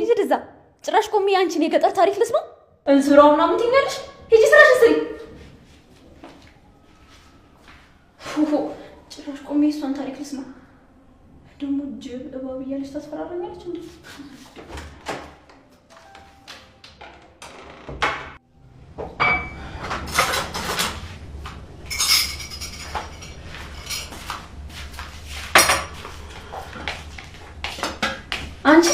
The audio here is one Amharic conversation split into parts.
ይዝድ እዛ ጭራሽ ቆሜ አንቺን የገጠር ታሪክ ልስማ እንስራው ምናምን ትኛለሽ። ሂጂ ስራሽ ስሪ። ጭራሽ ቆሚ እሷን ታሪክ ልስማ። ደግሞ ጅብ እባብ እያለች ታስፈራረኛለች እንዴ! አንቺ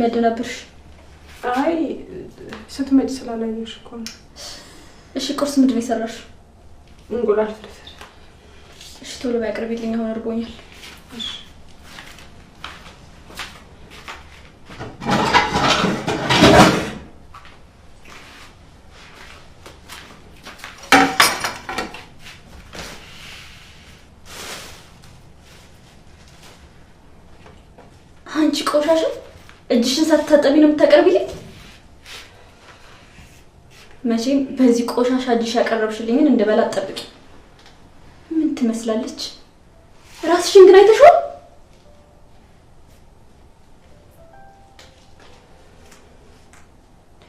የሚያደናብርሽ? አይ ስትመጪ ስላላየሽ እኮ ነው። እሺ ቁርስ ምንድን ነው የሰራሽ? እንቁላል ፍርፍር። እሺ ቶሎ ቢያቀርብልኝ አሁን እርቦኛል። አንቺ ቆሻሻ እጅሽን ሳትታጠቢ ነው የምታቀርብልኝ? መቼም በዚህ ቆሻሻ እጅሽ ያቀረብሽልኝን እንደበላ ጠብቂ። ምን ትመስላለች? ራስሽን ግን አይተሽዋል?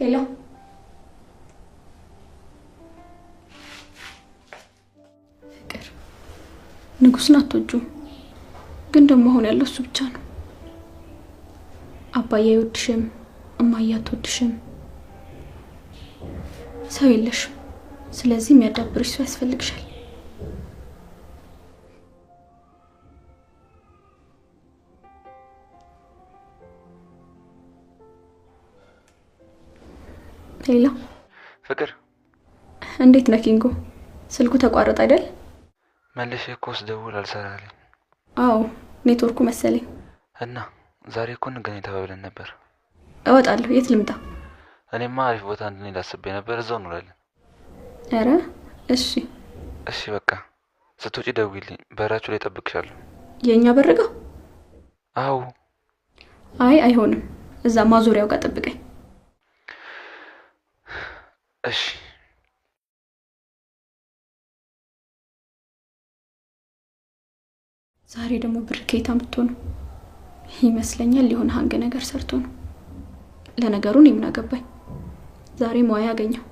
ሄሎ ፍቅር፣ ንጉስን አትወጂውም፣ ግን ደግሞ አሁን ያለው እሱ ብቻ ነው። አባዬ አይወድሽም፣ እማዬ አትወድሽም፣ ሰው የለሽም። ስለዚህ የሚያዳብርሽ ሰው ያስፈልግሻል። ሌላ ፍቅር፣ እንዴት ነህ ኪንጎ? ስልኩ ተቋረጠ አይደል? መልሼ እኮ ስደውል አልሰራልኝ። አዎ ኔትወርኩ መሰለኝ እና ዛሬ እኮ እንገናኝ ተባብለን ነበር። እወጣለሁ። የት ልምጣ? እኔማ አሪፍ ቦታ እንድንሄድ አስቤ ነበር። እዛው እንውላለን። ኧረ እሺ፣ እሺ በቃ ስትውጪ ደውይልኝ በራችሁ ላይ እጠብቅሻለሁ። የእኛ በር አው አዎ። አይ አይሆንም፣ እዛ ማዞሪያው ጋር ጠብቀኝ። እሺ። ዛሬ ደግሞ ብር ከየት አምጥቶ ነው? ይመስለኛል ሊሆን ሀንግ ነገር ሰርቶ ነው። ለነገሩ እኔ ዛሬ ሙያ ያገኘው